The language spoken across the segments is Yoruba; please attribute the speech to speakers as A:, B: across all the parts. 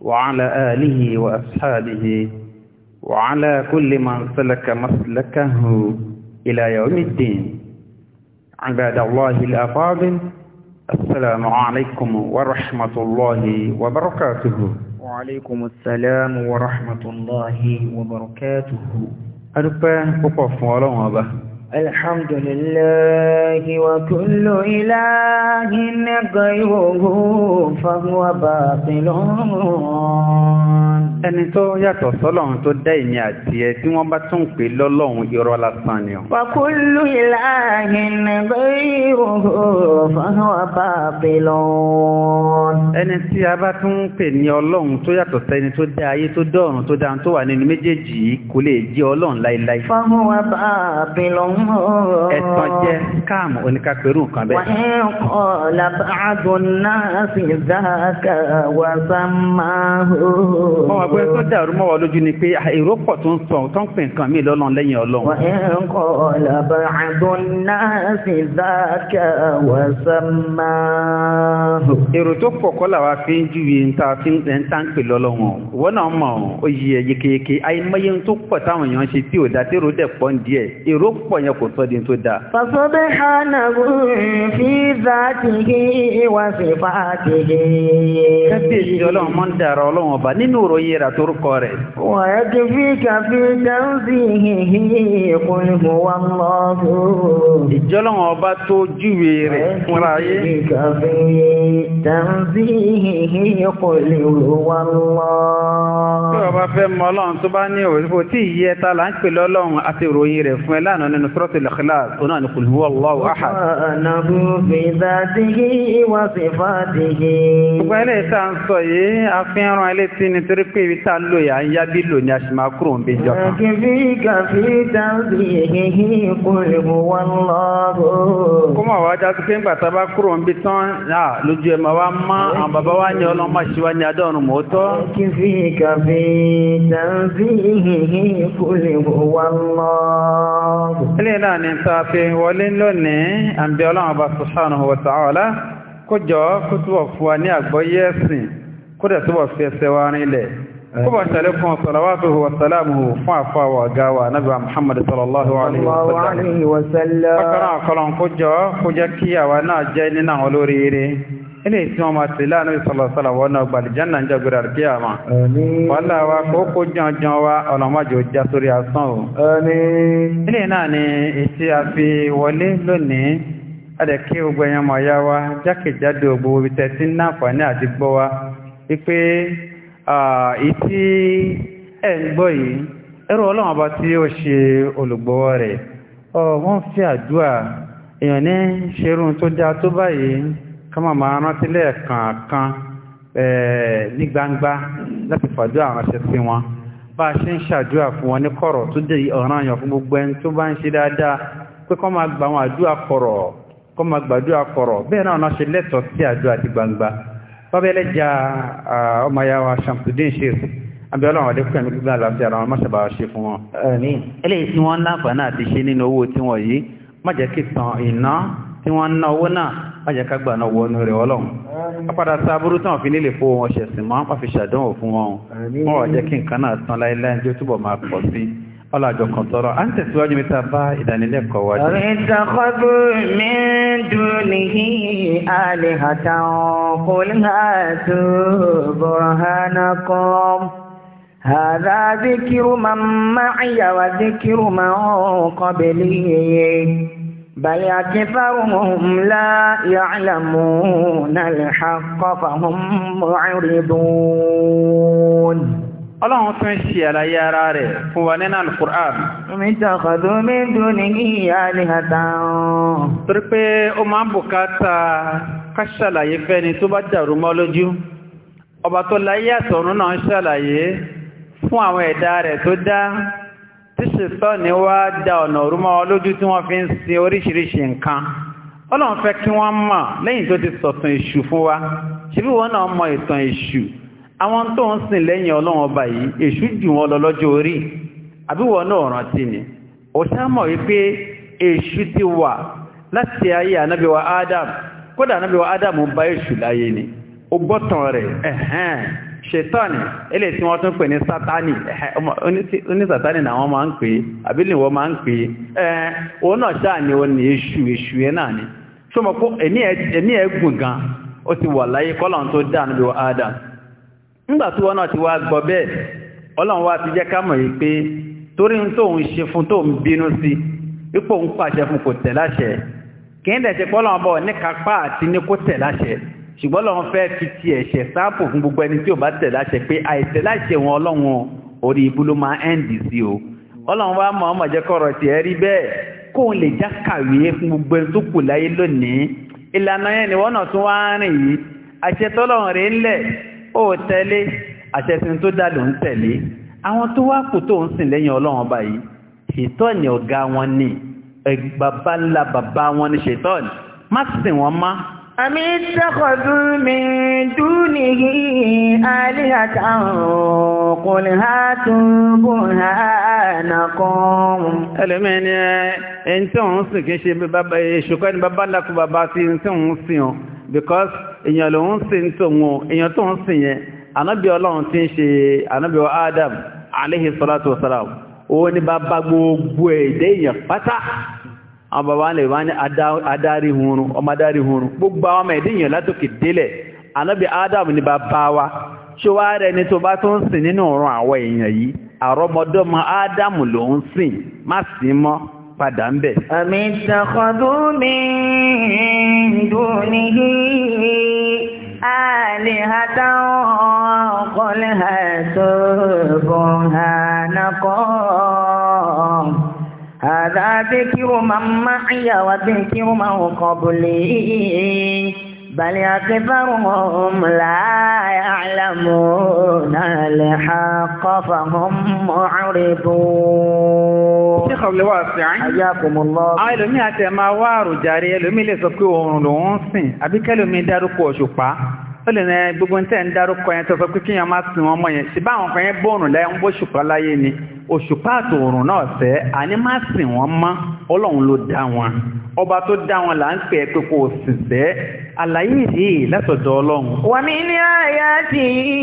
A: وعلى آله وأصحابه وعلى كل من سلك مسلكه إلى يوم الدين عباد الله الأفاضل السلام عليكم ورحمة الله وبركاته
B: وعليكم السلام ورحمة الله وبركاته أدوبة أقف ولو الحمد لله وكل إله غيره فهو باطل
A: ẹni tó yàtọ̀ sọ́lọ́run tó dá ìní àti ẹ tí wọ́n bá tún pè lọ́lọ́run irọ́ lásán
B: ni ọ. wa kullu ilahin ghayruhu fahuwa batilun. ẹni tí a bá tún pè ní ọlọ́run tó yàtọ̀ sẹ́ni tó
A: dá ayé tó dọ̀run tó dáa tó wà nínú méjèèjì kò lè jẹ́ ọlọ́run láéláé.
B: fahuwa batilun. Ẹ̀tàn jẹ́ káàmù
A: oníkàpẹ̀rù kan bẹ́ẹ̀. Wọ́n
B: ń kọ́ làbàdùn náà sí dáàkà wà sámá tó
A: dàrú mọ́ wa lójú ni pé èrò pọ̀ tó ń sọ tó ń pè nǹkan míì lọ́lọ́run lẹ́yìn ọlọ́run. Wọ́n ń
B: kọ́ làbàdùn náà sí dáàkà
A: tó pọ̀ táwọn èèyàn ṣe tí ò dá tí èrò dẹ̀ pọ̀ ń díẹ̀. Èrò pọ̀ yẹn yẹn kò sọ́ di tó dáa.
B: Fasubhanahu fi dhatihi wa sifatihi. Kábíyèsí ọlọ́run máa
A: ń dàrọ ọlọ́run ọba nínú ìròyìn rà torúkọ rẹ̀.
B: Wa yakfika fi tanzihihi qul huwa Allahu. Ìjọ́lọ́run ọba tó júwe rẹ̀ fúnra yé. Wa yakfika fi tanzihihi qul huwa Allahu. Tí ọba fẹ́
A: mọ ọlọ́run tó bá ní òṣìfò tí ìyẹ́ta سورة الإخلاص هنا نقول هو الله أحد
B: سبحانه بذاته وصفاته وإلى تنصي أفير التي نتركي
A: بتالو يعني يبلو نشما كروم بجوكا
B: في توضيحه قل هو الله كما واجهت كيف تبا كروم بتان
A: لا لجي مواما أم بابا واني ولما شواني
B: في توضيحه قل هو الله
A: ilé náà ni ta fi wọlé lónìí àbí ọlọ́run ọba subhanahu wa ta'ala kó jọ kó túbọ̀ fún wa ní àgbọ́yé ẹ̀sìn kó dẹ̀ túbọ̀ fi ẹsẹ̀ wa rinlẹ̀ kó bá ṣẹlẹ̀ fún salawatuhu wa salamuhu fún àfọwà ọ̀gá wa náà ilé tí wọ́n máa tè láàánú ìsọ̀lọ̀sọ̀lọ̀ wọ́n náà gbàlìjánà ń jẹ́gbèrè àríkí àmà wọ́lá wa kókó jọjọ wa ọ̀nàmájò já sórí asán o ilé náà ni ètí a fi wọlé lónìí adẹ̀kí ogun ẹ̀yàn mọ̀ọ́yá wa jákèjádò gbogbo ibi tẹ́tí ń náfààní àti gbọ́ wa wípé ìtí ẹ̀ ń gbọ́ yìí ẹrù ọlọ́run ọba tí ó ṣe olùgbọ́wọ́ rẹ̀ wọ́n fi àdúrà èèyàn ní ṣerun tó dáa tó báyìí kọ́mọ̀ máa rántí lẹ́ẹ̀kọ̀ọ̀kan eh, ní gbangba láti fàdúrà ránṣẹ́ sí wọn bá a ṣe ń ṣàdúrà fún wọn ní kọ̀rọ̀ tó dé ọ̀ràn àyàn fún gbogbo ẹni tó bá ń ṣe dáadáa pé kọ́ máa gba àwọn àdúrà kọ̀rọ̀ kọ́ máa gbàdúrà kọ̀rọ̀ bẹ́ẹ̀ náà náà ṣe lẹ́tọ̀ọ́ sí àdúrà ti gbangba bábẹ́lẹ́jà ah, ọmọ ya wa Shamsuddin Sheikh ọlọ́run àdékù ẹ̀mí gbígbà àlàáfíà ara wọn má ṣe fún wọn. àmín eléyìí tí wọ́n ń láǹfààní àti ṣe nínú owó tí wọ́n yìí má tàn ìná tí wọ́n ń ná owó náà wọ́n jẹ́ kágbà náà wọnú rẹ̀ ọlọ́run apádà sáàbúrú tán fi nílè fó wọn ṣẹ̀sìn máa ń pàfi ṣàdánwò fún wọn wọ́n wà jẹ́ kí nǹkan náà tán láíláí jó túbọ̀ máa pọ̀ sí ọlọ́jọ́ kan tọrọ à ń tẹ̀síwájú mi ta bá ìdánilẹ́kọ̀ọ́ wájú.
B: ìtàkọ́bù mi dùn níhí àlèhàtà ọ̀kọ́lá tó bọ̀rọ̀ hánà kan. هذا ذكر من معي وذكر بل أكثرهم لا يعلمون الحق فهم معرضون
A: ọlọ́run tún ṣe àlàyé ara rẹ̀ fún wa nínú alukur'an.
B: ìtàkàdó méjì
A: ní ìyá àlìhàtà ọ̀hún. torí pé ó máa ń bùkátà ká ṣàlàyé fẹ́ni tó bá dàrú mọ́ lójú ọba tó láyé àtọ̀run náà ṣàlàyé fún àwọn ẹ̀dá rẹ̀ tó dá tí ṣètọ́ ni wá da ọ̀nà òrùmọ́ ọlójú tí wọ́n fi ń sin oríṣiríṣi nǹkan ọlọ́run fẹ́ kí wọ́n mọ̀ lẹ́yìn tó ti sọ̀tàn èṣù fún wa ṣebí wọ́n náà mọ ìtàn èṣù àwọn tó ń sìn lẹ́yìn ọlọ́run ọba yìí èṣù jù wọ́n lọ lọ́jọ́ orí àbí wọ́n náà rántí ni Adam kódà ànábì wa Adam bá èṣù láyé ni ṣètọ́nì ilé tí wọ́n tún pè ní sátánì oní sátánì náà wọ́n máa ma pè é àbílẹ̀ wọ́n máa ń pè é ẹ̀ òun náà ṣáà ni ó ní èṣù èṣù ẹ̀ náà ni ṣó mọ̀ e ẹ̀mí ẹ̀ gùn gan o ti wà láyé kọ́lọ̀ tó dà níbi wọ́n ádà nígbà tí wọ́n náà ti wá gbọ́ bẹ́ẹ̀ ti torí ń tó ń ṣe fún tó ń bínú kò tẹ̀ láṣẹ kì í dẹ̀ ṣe pọ́lọ́run bọ̀ ní kápá àti ní ṣùgbọ́n lọ́wọ́n fẹ́ fi ti ẹ̀ṣẹ̀ sáàpù fún gbogbo ẹni tí ò bá tẹ̀ láṣẹ pé àìtẹ̀ láṣẹ wọn ọlọ́run orí ibú ló máa ń dì sí o ọlọ́run wá mọ̀ ọmọ jẹ́ kọ́rọ̀ tiẹ̀ rí bẹ́ẹ̀ kó lè já kàwé fún gbogbo ẹni tó kù láyé lónìí ìlànà yẹn ni wọ́n náà tún wá rìn yìí àṣẹ tọ́lọ́run rẹ̀ ńlẹ̀ ó tẹ̀lé àṣẹ tí tó dá ló ń tẹ̀lé àwọn tó wá kù tó ń sìn lẹ́yìn ọlọ́run ọba yìí ṣètọ́ọ̀nì ọ̀gá wọn ni bàbá ńlá bàbá wọn ni ṣètọ́ọ̀nì má sìn wọn má
B: àmì tẹ́kọ̀dú mi dú nìyí àlìhàtà kò ní ha tún bù ha
A: nàkan. ẹlẹ́mẹ́ ni ẹni tí òun sì kí ṣe ṣùkọ́ ẹni bàbá lákú bàbá sí tí òun sì hàn because èèyàn lòun sì ń tòun èèyàn tó ń sì Adam aléhìsọ́lá tó sára òun ni bàbá gbogbo ẹ̀dẹ́ èèyàn pátá àwọn bàbá lè wá ní adárí hunrun ọmọ hunrun gbogbo àwọn ọmọ ìdíyàn látòkè délẹ̀ anábì adam ní bàbá wa ṣó wá rẹ ní tó bá tó ń sìn nínú ọ̀run àwọn èèyàn yìí àrọ́mọdọ́mọ adam ló ń sìn má sí mọ́ padà
B: ń bẹ̀. àmì ìtàkọ̀dú mi هذا ذكر من معي وذكر من قبلي بل أكثرهم لا يعلمون الحق فهم معرضون. Ṣé kọ̀ọ̀lẹ́ wà sí àyín? Ayé àkùnmọ̀ lọ. Àwọn ẹlòmíì
A: àti ẹ̀ máa wá àrùjáre ẹlòmíì lè sọ pé oòrùn lòún sìn àbí kẹ́lòmíì dárúkọ òṣùpá ó lè ní gbogbo ń tẹ́ ń dárúkọ yẹn tó fẹ́ pé kíyàn máa sin ọmọ yẹn sí báwọn kan yẹn bọ́ọ̀rùn lẹ́yìn ń bó ṣùpá láyé ni òṣùpá àtòòrùn náà fẹ́ àní má sìn wọ́n mọ́ ọlọ́run ló dá wọn ọba tó dá wọn là ń pè é pé kò sì bẹ́ àlàyé yìí látọ̀dọ̀ ọlọ́run.
B: wa min ayatihi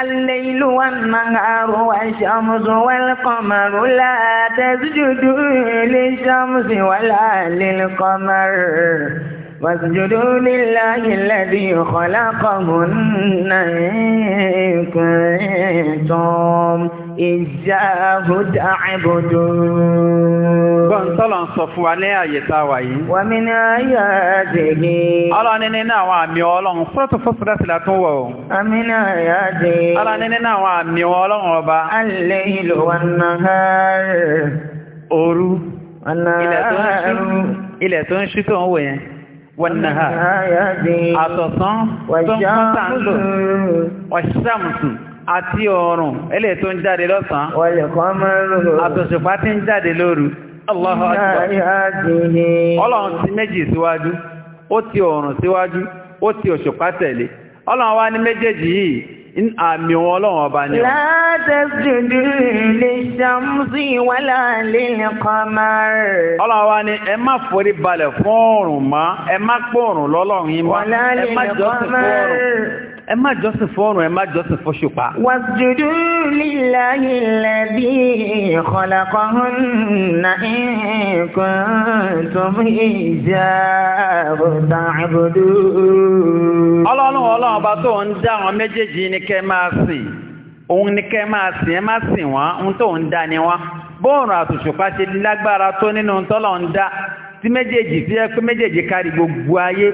B: al-laylu wan-naharu wash-shamsu wal-qamaru la tasjudu lish-shamsi wala lil-qamari. واسجدوا لله الذي خلقهن إن كنتم إياه تعبدون. Gbọ̀ntọ́lọ̀ ń sọ fún wa ní àyè tá a wà yìí. Wọ́n mi ní ayé àdìgí. Ọlọ́ni
A: nínú àwọn àmì ọlọ́run sọ́tò fọ́sọ̀rọ̀ sílẹ̀ tó wọ̀.
B: Àmì ní ayé àdìgí. Ọlọ́ni nínú àwọn àmì ọlọ́run
A: ọba. Alẹ́ ìlú wa náà. Òru. Ilẹ̀ tó ń ṣú tó ń wò yẹn. àtọ̀sán tó ń pọ́ta ń lò ọ̀ṣàmùsù àti ọ̀rùn ẹlẹ́ tó ń jáde lọ́sàn àtọ̀ṣùpá tí ń jáde lóru ọlọ́run ti méjì síwájú ó ti ọ̀rùn síwájú ó ti ọ̀ṣùpá tẹ̀lé ọlọ́run wá ní méjèèjì yìí in àmì wọn ọlọ́wọ́n ọba ni.
B: látẹ̀sídù lè ṣàmùsí wàlà lílẹ̀ kọ́már.
A: ọlọ́wọ́n wa ni ẹ má
B: ẹ má jọ́sìn fọ́ọ̀rùn ẹ má jọ́sìn fọ́ṣùpá. wàjúdú lílàyé lẹ́bí ìkọlẹ̀kọ̀húnnà ìkùn tó mú ìjà àbùdá àbùdú.
A: ọlọ́run ọlọ́run ọba tó ń dá àwọn méjèèjì ní kẹ́ máa sìn òun ní kẹ́ máa sìn ẹ má sìn wọ́n ohun tó ń dá ni wọ́n bóòrùn àtòṣùpá ṣe lágbára tó nínú tọ́lọ̀ ń dá tí méjèèjì tí ẹ pé méjèèjì kárí gbogbo ayé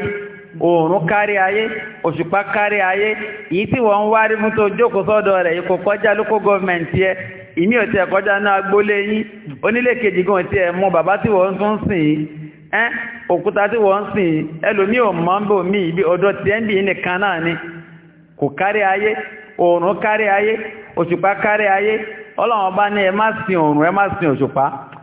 A: oòrùn kárí ayé òṣùpá kárí ayé yìí tí wọ́n ń wárí fún tó jókòó sọ́dọ̀ rẹ̀ ikò kọjá lókó gọọmentì ẹ ìmí ò tiẹ̀ kọjá náà gbólé yín onílé kejì gan ẹ mọ bàbá tí wọ́n tún sìn ibi ń bì náà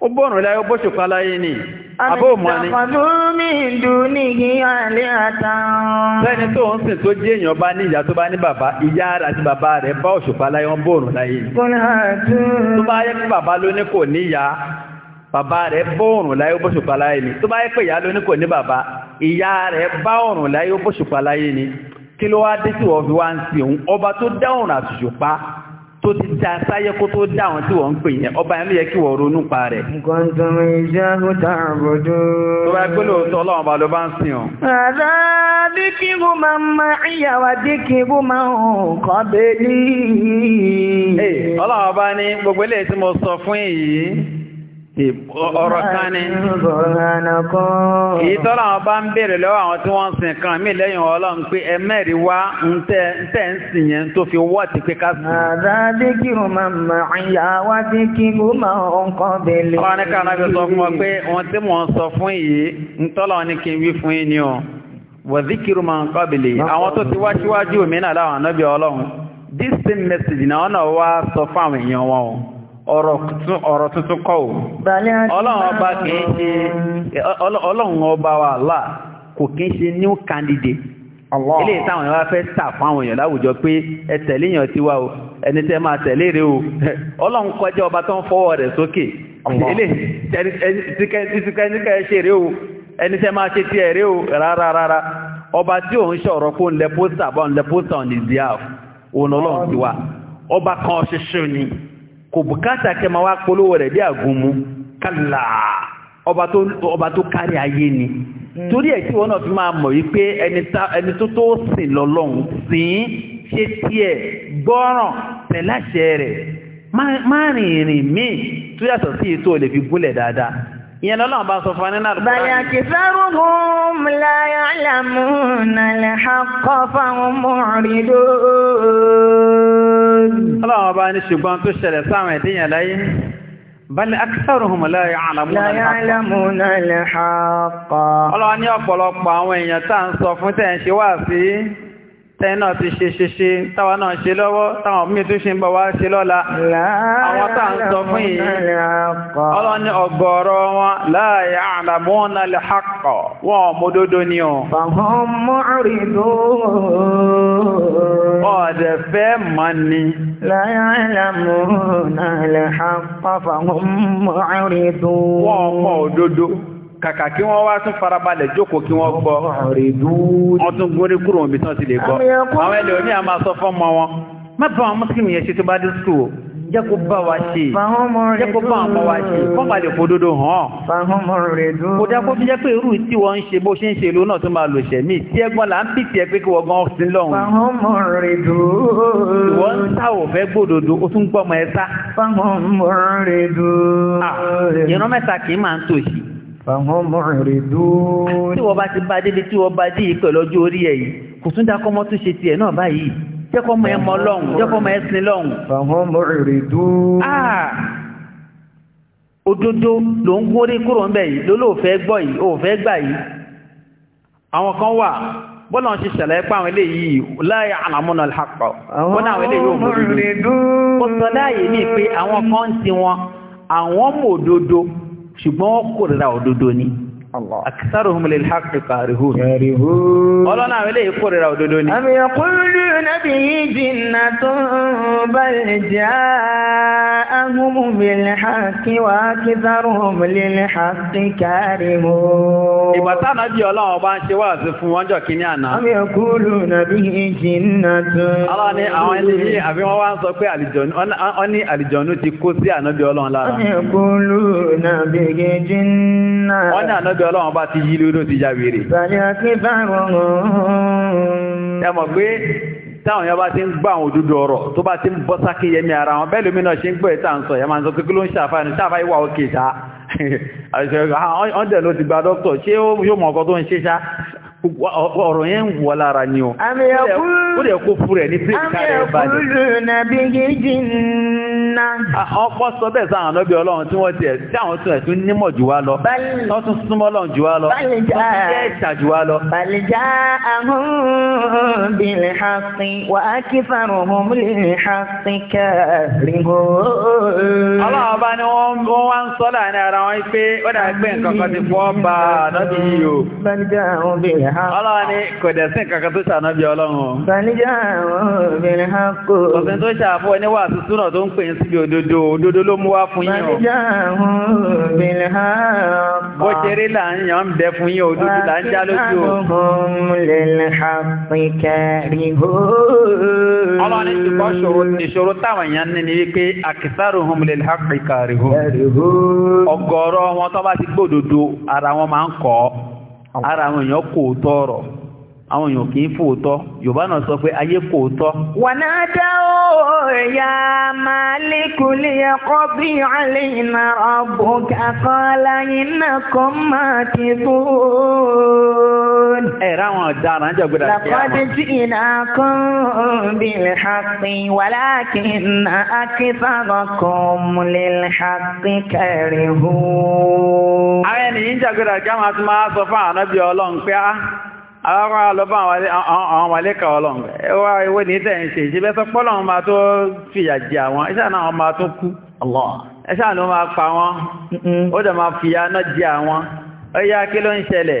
A: ó bọ̀rùn láyé ó bóṣù kan láyé ni àbó mọ́ ni.
B: àmì ìdùn ní ìyá alẹ́ àtàwọn. sẹ́ni
A: tó ń sìn tó jẹ́ èèyàn bá ní ìyá tó bá ní bàbá ìyá àti bàbá rẹ̀ bá òṣùpá láyé wọ́n bọ̀rùn láyé ni. tó bá yẹ kí bàbá ló ní kò ní ìyá bàbá rẹ̀ bá òrùn láyé ó bóṣùpá láyé ni tó bá yẹ pé ìyá ló kò ní bàbá ìyá rẹ̀ bá òrùn láyé ó bóṣùpá láyé ni kí ló wá dé tí wọ́n fi wá ń sìn òun ọba tó dá àtùṣùpá tó ti dá sáyé kó tó dá àwọn tí wọ́n ń pè yẹn ọba yẹn ló yẹ kí wọ́n ronú pa rẹ̀.
B: nǹkan tó ń jẹ́ kó tá a tó
A: bá gbé lóòótọ́ ọlọ́run ọba ló bá ń sìn ọ́.
B: àdá díkì bó máa ma ìyàwó díkì bó máa ń kọ́ bẹ́ẹ̀ ní. ọlọ́run
A: ọba ní gbogbo eléyìí tí mo sọ fún yìí.
B: ọ̀rọ̀ kan ni kìí
A: tọ́lá wọn bá ń bèèrè lọ́wọ́ àwọn tí wọ́n sìn
B: kan mí lẹ́yìn ọlọ́run pé
A: ẹ wá ń tẹ́ ń sìn yẹn tó fi wọ́ ti pé
B: ká sùn. àdá díkìrù máa mà ń kọ́ sọ fún ọ tí sọ fún àwọn tó ti láwọn
A: ọlọ́run same message náà wọ́n náà wá sọ fún èèyàn wọn o. ọ̀rọ̀ tuntun kọ́ ò
B: ọlọ́run ọba kìí ṣe
A: ọlọ́run ọba wa Allah kò kìí ṣe new candidate ilé ìtàwọn wá fẹ́ tà fún àwọn èèyàn láwùjọ pé ẹ tẹ̀lé èèyàn tiwa o ẹni tẹ́ máa tẹ̀lé rẹ o ọlọ́run kọjá ọba tó ń fọwọ́ rẹ̀ sókè ẹni tẹ́ máa ṣe tiẹ̀ rẹ o rárá rárá ọba tí òun ṣọ̀rọ̀ kó ń lẹ pósítà bá ń lẹ pósítà on òun ọlọ́run ọba kan ni. kò bùkátà kẹ ma wá polówó rẹ̀ bí àgúnmú kálà ọba tó kárí ayé ni hmm. torí ẹ̀ tí wọ́n náà fi máa mọ̀ yí pé ẹni tó tó sìn lọ́lọ́run sìn ṣe tiẹ̀ gbọ́ràn tẹ̀láṣẹ rẹ̀ má rìnrìn míì tó yàtọ̀ sí ètò olè fi gúnlẹ̀ dáadáa
B: ìyẹn lọ́lọ́run bá sọ fún nínú àdúgbò bàyà kì fẹ́rùhùn láyà lámùnà lè fáwọn mọ̀rìndó
A: Ọlọ́run bá ní ṣùgbọ́n tó ṣẹlẹ̀ sáwọn ìdíyàn láyé. Bal aktharuhum la ya'lamuna al-haqq. La ya'lamuna
B: al-haqq.
A: Ọlọ́run ní ọ̀pọ̀lọpọ̀ àwọn èèyàn tá ń sọ fún tẹ̀ ṣe wá sí tẹ́yìn náà ti ṣe ṣe ṣe táwa náà ṣe lọ́wọ́ táwọn míì tún ṣe ń bọ̀ wá ṣe lọ́la àwọn tá ń sọ fún yìí ọlọ́ni ọ̀gọ̀ọ̀rọ̀ wọn láàyè àlàmúnà lè hàkọ̀ wọn mọ́dódó ni o.
B: ọ̀dẹ̀ fẹ́ mọ́ ni. láyà àlàmúnà lè hàkọ̀ fàhùn mọ́rìndó. wọ́n mọ̀ òdodo
A: kàkà kí wọ́n wá tún farabalẹ̀ jókòó kí wọ́n gbọ́ wọ́n tún gorí kúrò òbí tán ti lè gbọ́ àwọn ẹlẹ́ òní àmà sọ fọ́mọ wọn má bá wọn mọ́sílìmù yẹn ṣe tó bá dé skul jẹ́ bá wa ṣe jẹ́ bá ọmọ wa ṣe kọ́ bá lè fòdodo hàn kò dá fi jẹ́ pé irú tí wọ́n ń ṣe bó ṣe ń ṣe ìlú náà tó máa lò ṣẹ̀mí tí ẹgbọ́n là ń pì tí ẹ pé kí wọ́n gan sí lọ́hùn fàhán mọ̀rìn dúró. tí wọ́n bá ti bá débi tí wọ́n bá dé yìí pẹ̀lú ọjọ́ orí ẹ̀ yìí kò tún dákọ́ mọ́ tún ṣe tiẹ̀ náà báyìí jẹ́kọ́ mọ ẹmọ lọ́hùn jẹ́kọ́ mọ ẹsìn lọ́hùn. fàhán mọ̀rìn dúró. òdodo ló ń gbórí kúrò ń bẹ̀ yìí ló ló fẹ́ gbọ́ yìí ó fẹ́ gbà yìí. àwọn kan wà bọ́lá ń ṣẹlẹ̀ pa àwọn eléyìí láyé àlàmúnà àpọ̀ bọ́lá àwọn eléyìí ò ó mọ̀ ṣùgbọ́n wọ́n kórìíra òdodo ni. أكثرهم للحق كارهون
B: قالنا عليه نعم، قرر أودوني أم يقولون به جنة بل جاءهم بالحق وأكثرهم للحق كارهون
A: إبتانا دي الله وبانشي وازفو وانجو أم
B: يقولون به جنة أم يقولون به جنة أنا
A: lọ́dọ̀ ọlọ́run bá ti yí lórí ti já wèrè. ẹ mọ̀ pé táwọn yẹn bá ti ń gbọ́ àwọn òdodo ọ̀rọ̀ tó bá ti ń bọ́ sákéyẹmí ara wọn bẹ́ẹ̀ lómi náà ṣe ń gbọ́ ìta ń sọ yẹn máa ń sọ pé kí ló ń ṣàfàánù ṣàfàá ìwà òkè ṣá ọ̀dẹ̀ ló ti gba dókítà ṣé yóò mọ̀ ọkọ tó ń ṣe ṣá ọ̀rọ̀ yẹn ń wọ lára ni ọ. ó lè kó fúrẹ̀ ní bíríkà rẹ̀ balẹ̀. ọ̀pọ̀ sọ bẹ́ẹ̀ sáwọn ọ̀nà bí ọlọ́run tí wọ́n tiẹ̀ tí àwọn tún ẹ̀sùn nímọ̀ jù wá lọ. wọ́n tún súnmọ́ ọlọ́run jù wá lọ. wọ́n tún jẹ́ ìta jù wá lọ
B: ha. Ọlọ́run ni
A: kò dẹ̀sìn kankan tó ṣàná bí ọlọ́run.
B: Sàníjà àwọn obìnrin ha kò. Ọ̀sìn tó
A: ṣàfọ́ ẹni wà sí súnà tó ń pè ń síbi òdodo, òdodo ló mú wá fún yín o. Sàníjà
B: obìnrin
A: ha kò. Bó ṣe là ń yàn bẹ fún yín òdodo là ń já lójú
B: o. Ọlọ́run
A: ni ṣùgbọ́n ìṣòro táwọn èèyàn ní ni wípé àkìsàrò hum lè hàpì kàrí hù. Ọ̀gọ̀ọ̀rọ̀ wọn tó bá ti gbòdodo ara wọn máa ń kọ́ ara àwọn èèyàn kò tọrọ àwọn èèyàn kì í fòótọ́ yorùbá náà sọ pé ayé fòótọ́.
B: wọnà dá òòyà màálíkùlì ẹkọ bí alẹ́ iná ọ̀bùn kakọ́lá iná kan máa ti fún. ẹ̀rọ àwọn ọ̀daràn jẹ́ gbọ́dọ̀ sí àwọn. lọ́kọ́dé tí iná kan bí lẹ́hàpì wàlá kì í na akínfàgọ́ mú lẹ́hàpì kẹrìnhún.
A: àwọn ènìyàn jẹ́ gbọ́dọ̀ kí wọ́n máa sọ fún àwọn ọlọ́run pé á àwọn alọ́bá àwọn malẹ́kà ọlọ́run ẹwà ìwé ní tẹ́ ń ṣe ìṣẹ́bẹ́ sọ pọ́lọ̀ wọn máa tó fìyà jẹ àwọn iṣẹ́ náà wọn máa tó kú ẹṣẹ́ àná máa pa wọn ó
B: dẹ̀ máa fìyà náà jẹ àwọn ó yá kí ló ń ṣẹlẹ̀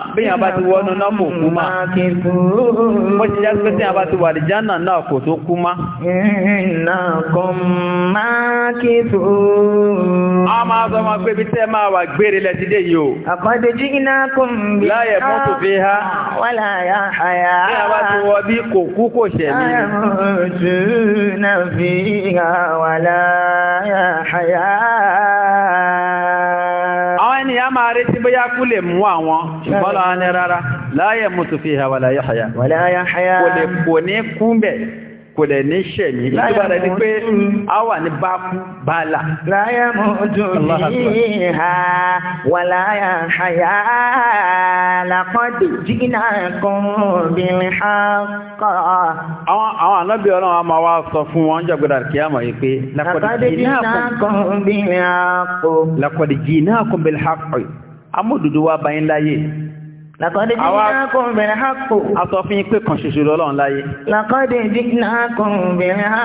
A: bí yàn bá ti wọ́nú náà kò kú má mo ṣe jẹ́ pé tí yàn bá ti wà lè jánà náà kò tó kú má. a máa sọ ma pé bí tẹ́ máa wà gbére lẹ́tí dé yìí
B: iná kò ń
A: bí. láyé fún tó fi há. wọ́n
B: là àyà. bí yàn bá ti wọ bí kò kú kò ṣẹ̀ mí. àyàmọ̀tò náà fi hàn wà láyà àyà
A: máa retí bóyá kú lè mú àwọn ṣùgbọ́n lọ́wọ́ ní rárá la yamutu fiha wala yahya. wala yahya. kò ní kú bẹ́ẹ̀ kò dẹ̀ ní ṣẹ̀mí ìjọba rẹ̀ ni pé
B: a wà ní báàkú bàálà. láyé mú dùnmí ha wà láyà àyà làkọ́dé jìnnà kan bí ha kọ́. àwọn
A: àwọn ànábì ọlọ́run a máa wá sọ fún wọn jàgbọ́dà kí a mọ̀ yìí pé làkọ́dé jìnnà kan bí ha kọ́. làkọ́dé jìnnà kan bí láyé. Làkọ́dé jíná kún bẹ̀rẹ̀ ha kò. A sọ fún yín pé kan ṣoṣo lọ́lọ́run láyé.
B: Làkọ́dé jíná kún bẹ̀rẹ̀ ha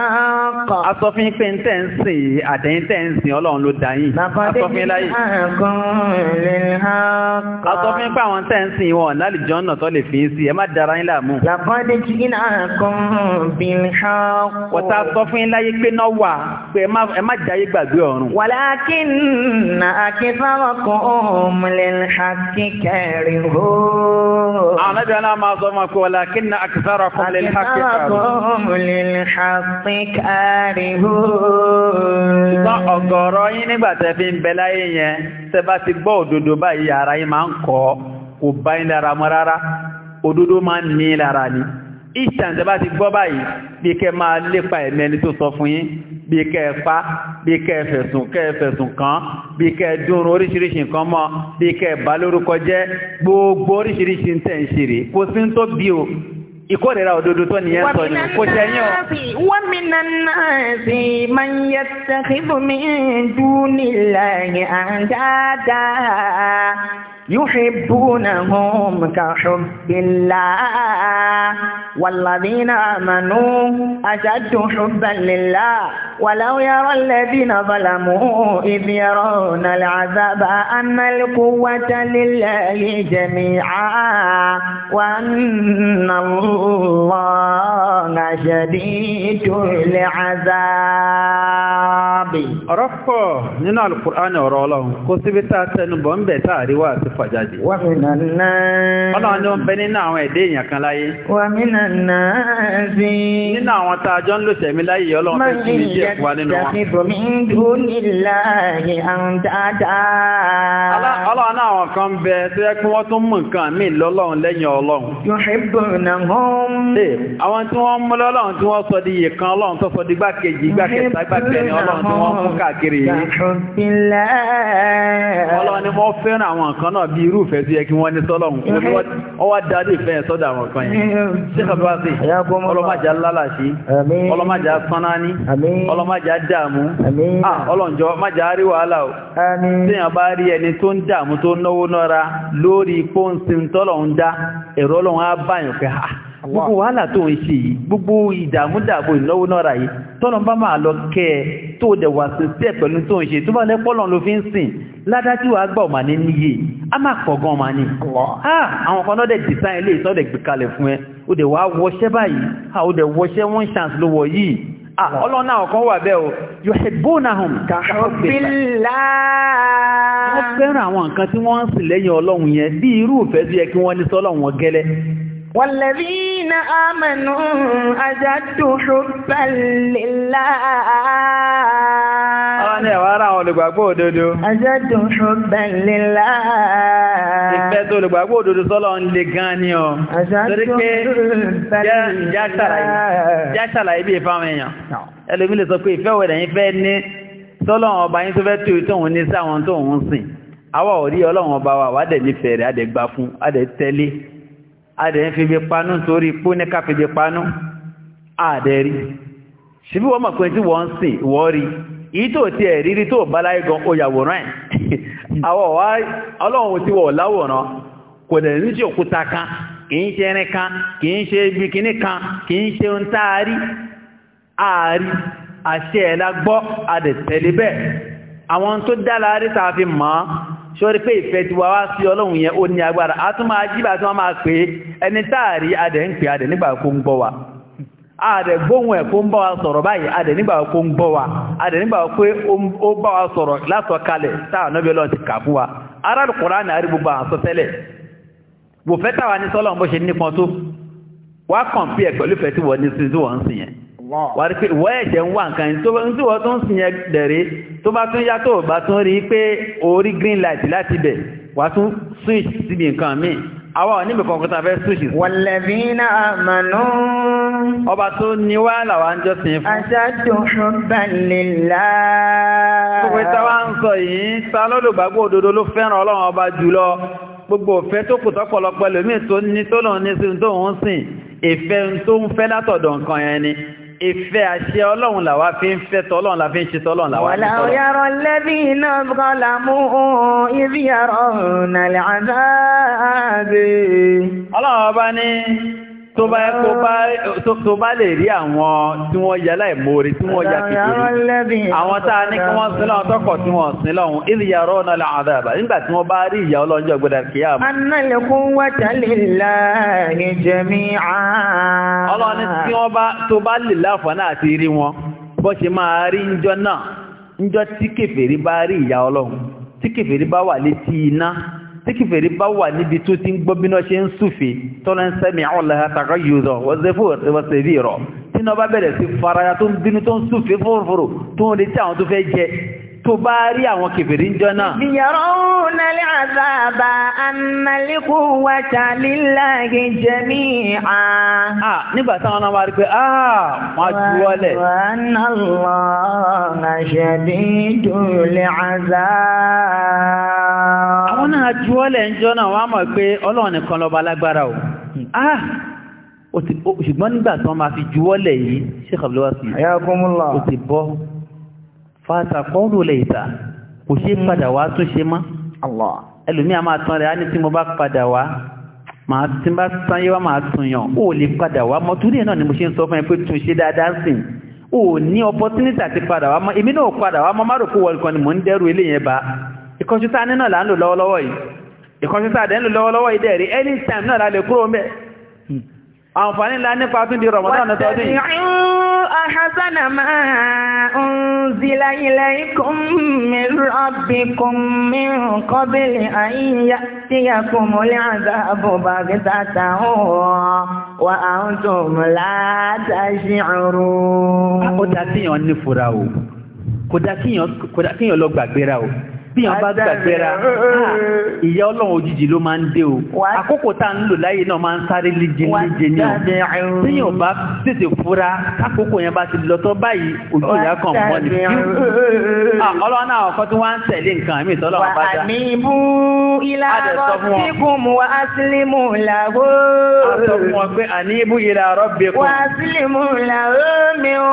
A: kọ̀. A sọ fún yín pé tẹ́ ń sìn yìí, àtẹ̀yìn tẹ́ ń sìn ọlọ́run ló dá yín. Làkọ́dé jíná kún bẹ̀rẹ̀ ha kọ̀. A sọ fún pé àwọn tẹ́ ń sìn wọn lálìjọ́ náà tó lè fi sí ẹ má dara yín láàmú. Làkọ́dé jíná
B: náà wà pé ẹ má Ah, Ànábì ọ̀nà
A: máa sọ ma kó wọlá kí ní àkìsára kún lè hàkì
B: káàrí.
A: Ìtàn ọ̀gọ̀rọ̀ yín nígbà tẹ́ fi ń bẹ láyé yẹn, tẹ́ bá ti gbọ́ òdodo báyìí ara yín bí kẹfà bí kẹfẹ̀sùn kẹfẹ̀sùn kan bí kẹdùn oríṣiríṣi nǹkan mọ́ bí kẹbà lórúkọ jẹ́ gbogbo oríṣiríṣi ń tẹ̀ ń ṣeré kò sí ń tó bí o ìkórìíra òdodo tó nìyẹn sọ ni kò ṣe yín o.
B: wa minan nasi man yattakhidhu min dunillahi andada. يحبونهم كحب الله والذين آمنوا أشد حبا لله ولو يرى الذين ظلموا إذ يرون العذاب أن القوة لله جميعا وأن الله شديد العذاب رفع
A: من القرآن ورالهم كسبتا تنبون بتاريوات fà jáde. Wà mí nà náà. Ọlọ́run ló ń bẹ nínú àwọn ẹ̀dẹ́ èèyàn kan láyé.
B: Wà mí nà náà
A: sí. Nínú àwọn tá a jọ ń lò sẹ̀mí láyé ọlọ́run fẹ́ sí ilé ẹ̀kọ́ wa nínú wọn.
B: Mọ̀ ní ìjà
A: kan bẹ tó yẹ kí wọ́n tún mú nǹkan mí lọ́lọ́run lẹ́yìn ọlọ́run. àwọn tí wọ́n mú lọ́lọ́run tí wọ́n sọ di iye kan ọlọ́run tó sọ di gbákejì gbákẹta gbákẹni ọlọ́run tí wọ́n mú káàkiri yìí. ọlọ́run ni wọ́n fẹ́ràn àwọn nǹkan náà bí irúfẹ́ tó yẹ kí wọ́n ní sọ́lọ́run wọ́n wá darí ìfẹ́ yẹn sọ́dọ̀ àwọn kan yẹn. ṣé kàbá sí ọlọ́màjà lálàṣí ọlọ́màjà sánání ọlọ́màjà dààmú ah, ọlọ́njọ́ májà rí wàhálà o. tí èèyàn bá rí ẹni tó ń dààmú tó náwó nọ́ra lórí pọ́nsíntọ́lọ̀ ń dá ẹ̀rọ ọlọ́run á báyàn pé ha ah, gbogbo wàhálà tó ń ṣe yìí gbogbo ìdàmúdàbò ìnáwó náà yìí tọ́lọ̀ bá máa lọ kẹ́ ẹ tó dẹ̀wà sí sí ẹ̀ pẹ̀lú tó ń ṣe tó bá lẹ́pọ̀lọ̀ ló fi ń sìn ládájú wa gbà ọ̀mà ní níye a máa pọ̀ gan ọ̀mà ni ah, àwọn kan náà dẹ̀ design ilé ìtọ́dẹ̀ gbé kalẹ̀ fún ẹ ó dẹ̀ wá wọṣẹ́ báyìí ah, ó dẹ̀ wọṣẹ́ one chance ló wọ yìí Ah, ọlọ́nà ọ̀kan wà bẹ́ o yuhibbunahum kahubbillah wọ́n fẹ́ràn àwọn nǹkan tí wọ́n ń sìn lẹ́yìn ọlọ́run yẹn bí irú ìfẹ́ tó yẹ kí wọ́n ní sọ́lọ́run wọn gẹ́lẹ́
B: والذين آمنوا أجد حبا لله Àwọn
A: ẹ̀wà ara àwọn olùgbàgbọ́ òdodo. Ajadu
B: hubban lillah. Ìfẹ́ tó olùgbàgbọ́ òdodo
A: sọ́lọ ń le gan ni ọ. Ajadu hubban lillah. Já ṣàlàyé bí ìfáwọn èèyàn. Ẹlòmí lè sọ pé ìfẹ́ òwẹ̀rẹ̀ yín fẹ́ ní sọ́lọ ọba yín tó fẹ́ tó ìtòhun adẹ̀ ń fi bí panú torí pó ní ká fi bí panú àdẹ̀ rí ṣíbí wọ́n mọ̀kún tí wọ́n ń sìn wọ́n rí yìí tó ti ẹ̀ rírí tó bá láyé gan oyàwòrán ẹ̀ àwọ̀ wá ọlọ́run tí wọ́n láwòrán kò dẹ̀ ní ṣe òkúta kan kì í ṣe a rí ààrí àṣẹ ẹ̀ la gbọ́ adẹ̀ tẹ̀lé bẹ́ẹ̀ ṣorí pé ìfẹ́ ti wá wá sí ọlọ́run yẹn ó ní agbára a tún máa jíbà tí wọ́n máa pè é ẹni táàrí adẹ̀ ń pè adẹ̀ nígbà kó ń bọ́ wa adẹ̀ gbóhùn ẹ̀ kó ń bọ́ wa sọ̀rọ̀ báyìí adẹ̀ nígbà kó ń bọ́ wa adẹ̀ nígbà pé ó bá wa sọ̀rọ̀ látọ̀kalẹ̀ táà nọ́bí ọlọ́run ti wa ará Kùránì àrí gbogbo àṣọ tó bá tún yàtọ̀ bá tún rí pé orí green light láti bẹ̀ wà tún switch síbi nǹkan míì àwa ò níbi kankan tá fẹ́ switch sí.
B: wàlẹ́bínà àmànú. ọba tó ní wá làwa ń jọ́sìn fún. aṣáájú ṣùgbọ́nlélá. gbogbo ìtawà ń sọ yìí ta lọ́dọ̀gbàgbọ́
A: òdodo ló fẹ́ràn ọlọ́run ọba jùlọ gbogbo ọ̀fẹ́ tó kù tọ́pọ̀lọpọ̀ lómi tó ní tó lòun ní ìfẹ́ àṣẹ ọlọ́run làwá fi ń fẹ́ tọ́lọ́run la fi ń ṣe tọ́lọ́run làwá fi tọ́lọ́run.
B: wọ́lá lẹ́bí iná bọ́lá mú un ibi ọlọ́run ọba ní tó bá tó bá lè rí àwọn tí wọ́n yà láìmóore tí wọ́n yà kìtìrí àwọn tàà ní kí wọ́n sílọ́n
A: tọ́kọ̀ tí wọ́n sílọ́n ìlú yàrá ọ̀nà àdáàbà nígbà tí wọ́n bá rí ìyà ọlọ́njọ́ gbọ́dà kíyàmù
B: ọlọ́ni tí wọ́n
A: bá tó bá lè láfọ́nà àti rí wọn bọ́ ṣe máa rí ńjọ́ iná tí kìfèrí bá wà níbi tó ti ń gbọ́ bí náà ṣe ń súfè tọ́lá ń sẹ́mi ọ̀làhà tàkà yòzọ̀ wọ́sẹ̀fì rọ̀ tí náà bá bẹ̀rẹ̀ sí faraya tó ń bínú tó ń súfè fòròfòrò tó ń retí àwọn tó fẹ́ jẹ tó bá rí àwọn kèfèrí jọ náà.
B: ìyàrá òun náà lè àzàbà àmàlẹ́kù wàtà lílàgé jẹ́mí à. à nígbà táwọn náà wá rí pé àà wọ́n á ju wọlé. wàhánà lọ àṣẹbí dùlé àzà. àwọn
A: náà ju ń jọ náà wọ́n mọ̀ pé ọlọ́run nìkan lọ́ba alágbára o. àà ṣùgbọ́n nígbà tí wọ́n máa fi juwọ́lẹ̀ yìí ṣé kàbílẹ̀ wá sí i. àyà kọ́múlà. o ti bọ́ fàtàkọ́rù lè ìta kò ṣe padà wá tún ṣe mọ́ ẹlùmí a máa tán rẹ̀ á ní tí mo bá padà wá máa tí bá sáyé wá máa tún yàn ó lè padà wá mọ́ torí ẹ̀ náà ni mo ṣe ń sọ fún ẹ pé tún ṣe dáadáa sìn ó ní opportunity àti padà wá mọ́ èmi náà padà wá mọ́ má rò kó wọ ìkànnì mò ń dẹ́rù ilé yẹn bá ìkọ́jú tá a ní là ń lò lọ́wọ́lọ́wọ́ yìí ìkọ́jú tá a dẹ́ ń lò lọ́wọ́lọ́wọ́ yìí dẹ̀ anytime náà la lè kúrò mẹ́ àǹfààní ńlá nípa tún di Ramadan tọdún
B: unzila ilaykum min rabbikum min qabli an ya'tiyakumul 'adhabu baghtatan wa antum la tash'urun. ó dá kíyàn
A: nífura o kò dá kíyàn lọ gbàgbéra o bíyàn bá gbàgbéra ah, ìyá ọlọ́run òjijì ló máa ń dé o àkókò tá ń lò láyé náà máa ń sáré léje léje ní o bíyàn bá tètè fura kákòókò yẹn bá ti lọ báyìí ojú ìyá kan mọ́
B: ni fíw ah, ọlọ́run náà ọkọ tí wọ́n á ń tẹ̀lé nǹkan mi tọ́lọ́ wọn bá dá. àmì ibú ilà rọ́bìkùn wà á sílímù làwọ́. a sọ fún wọn pé àní ibú ilà rọ́bìkùn. wà á làwọ́ mi ò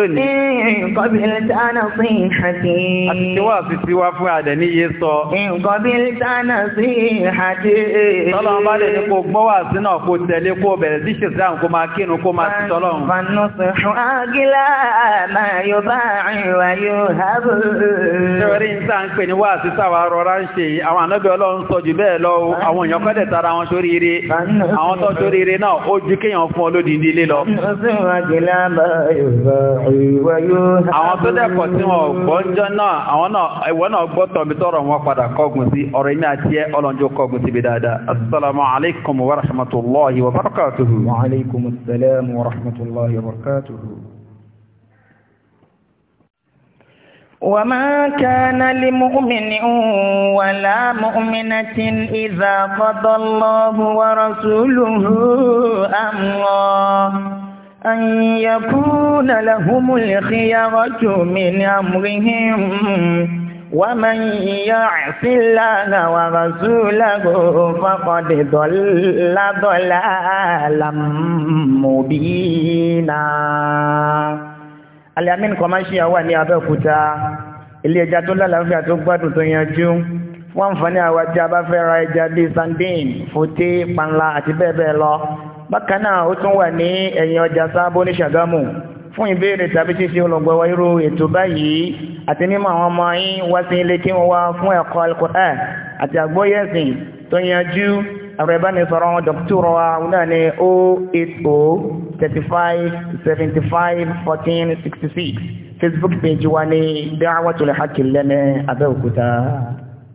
B: lónìí. nǹkan bí lẹ́tàánà sí ìhàtì. àti
A: tiwa àti tiwa fún àdẹ̀ níye sọ. nǹkan bí lẹ́tàánà sí ìhàtì. tọ́lọ́ bá lè ní kó gbọ́ wà sí náà kó tẹ̀lé kó bẹ̀rẹ̀ sí ṣèṣàn kó máa kírun kó máa ti tọ́lọ́ Ṣẹ́wẹ́rí ń sáà ń pè ní wáàsí sáwà rọra ń ṣe àwọn ànábẹ́ ọlọ́run sọ jù bẹ́ẹ̀ lọ àwọn èèyàn kọ́dẹ̀ tara wọn sórí ire àwọn tó sórí ire náà ó ju kéèyàn fún olódìndí lé lọ
B: àwọn tó dẹ́kọ̀ tí wọ́n gbọ́njọ́ náà
A: àwọn náà ẹ̀wọ́ náà gbọ́ tọ̀bí tọrọ wọn padà kọgùn sí ọ̀rọ̀ iná àti ẹ́ ọlọ́njọ́ kọgùn sí bí dáadáa assalamu alaikum wa rahmatullahi wa barakatuhu wa
B: alaikum assalam wa rahmatullahi wa barakatuhu وما كان لمؤمن ولا مؤمنة إذا قضى الله ورسوله أمرا يكون لهم الخيرة من أمرهم ومن يعص الله ورسوله فقد ضل ضلالا مبينا Al-Amin Commercial wà ní Abẹ́òkúta ilé ẹja tó lálàáfíà tó gbádùn tó yanjú wọ́n ń fọ́ ní àwọn ajá bá fẹ́ ra ẹja bíi sandine fòté panla àti bẹ́ẹ̀ bẹ́ẹ̀ lọ bákan náà ó tún wà ní ẹ̀yìn ọjà sábó ní ṣàgámù fún ìbéèrè tàbí ṣíṣe olùgbọ̀wọ́ irú ètò báyìí àti mímọ̀ àwọn ọmọ yín wá sí ilé kí wọ́n wá fún ẹ̀kọ́ Al-Qur'an àti àgbóyẹ̀sìn tó yanjú ẹ̀rọ dọ̀kítọ̀rọ̀ wa náà ní 080 Facebook page wa ní Da'watul Haqq lẹ́nu Abẹ́òkúta.